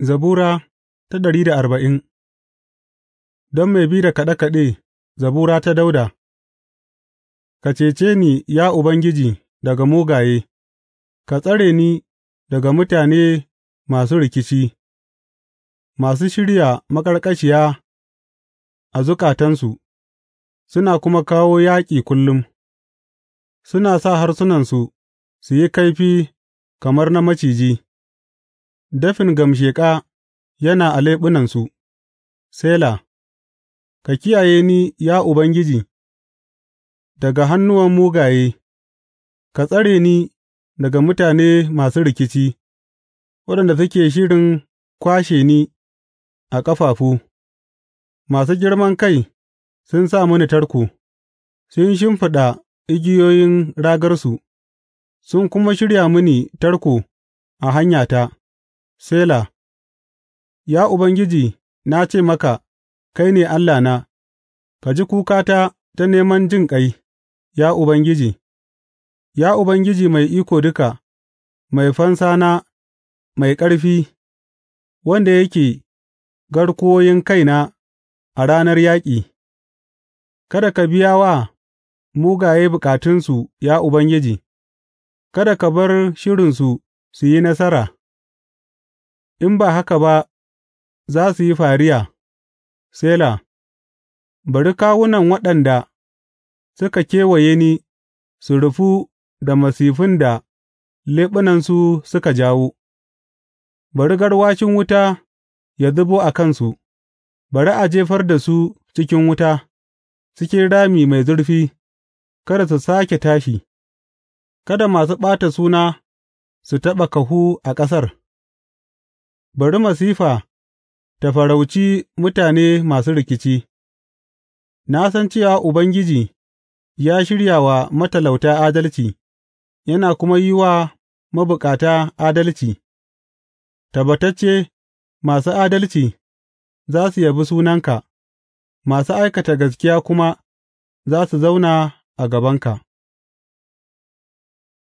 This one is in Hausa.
Zabura ta ɗari da arba'in Don mai bi da kaɗe kaɗe, zabura ta Dauda Ka cece ni, ya Ubangiji, daga mugaye, ka tsare ni daga mutane masu rikici, masu shirya maƙarƙashiya a zukatansu, suna kuma kawo yaƙi kullum, suna sa harsunansu su yi kaifi kamar na maciji. Dafin gamsheƙa yana a leɓunansu Sela Ka kiyaye ni, ya Ubangiji, daga hannuwan mugaye; ka tsare ni daga mutane masu rikici, waɗanda suke shirin kwashe ni a ƙafafu, masu girman kai sun sa mini tarko, sun shimfiɗa igiyoyin ragarsu sun kuma shirya mini tarko a hanyata. Sela Ya Ubangiji, na ce maka, Kai ne Allahna; ka ji kukata ta neman jinƙai, ya Ubangiji, Ya Ubangiji Mai Iko Duka, Mai Fansana mai ƙarfi, wanda yake garkuwoyin kaina a ranar yaƙi, kada ka biya wa mugaye bukatunsu, ya Ubangiji; kada ka bar shirinsu su yi nasara. in ba haka ba za su yi fariya, Sela Bari kawunan waɗanda suka kewaye ni su rufu da masifin da leɓunansu suka jawo, bari garwashin wuta ya zubo a kansu, bari a jefar da su cikin wuta, cikin rami mai zurfi, kada su sake tashi, kada masu ɓata suna su taɓa kahu a ƙasar. Bari masifa ta farauci mutane masu rikici; na san cewa Ubangiji ya shirya wa matalauta adalci yana kuma yi wa mabukata adalci, tabbatacce masu adalci za su yabi sunanka, masu aikata gaskiya kuma za su zauna a gabanka.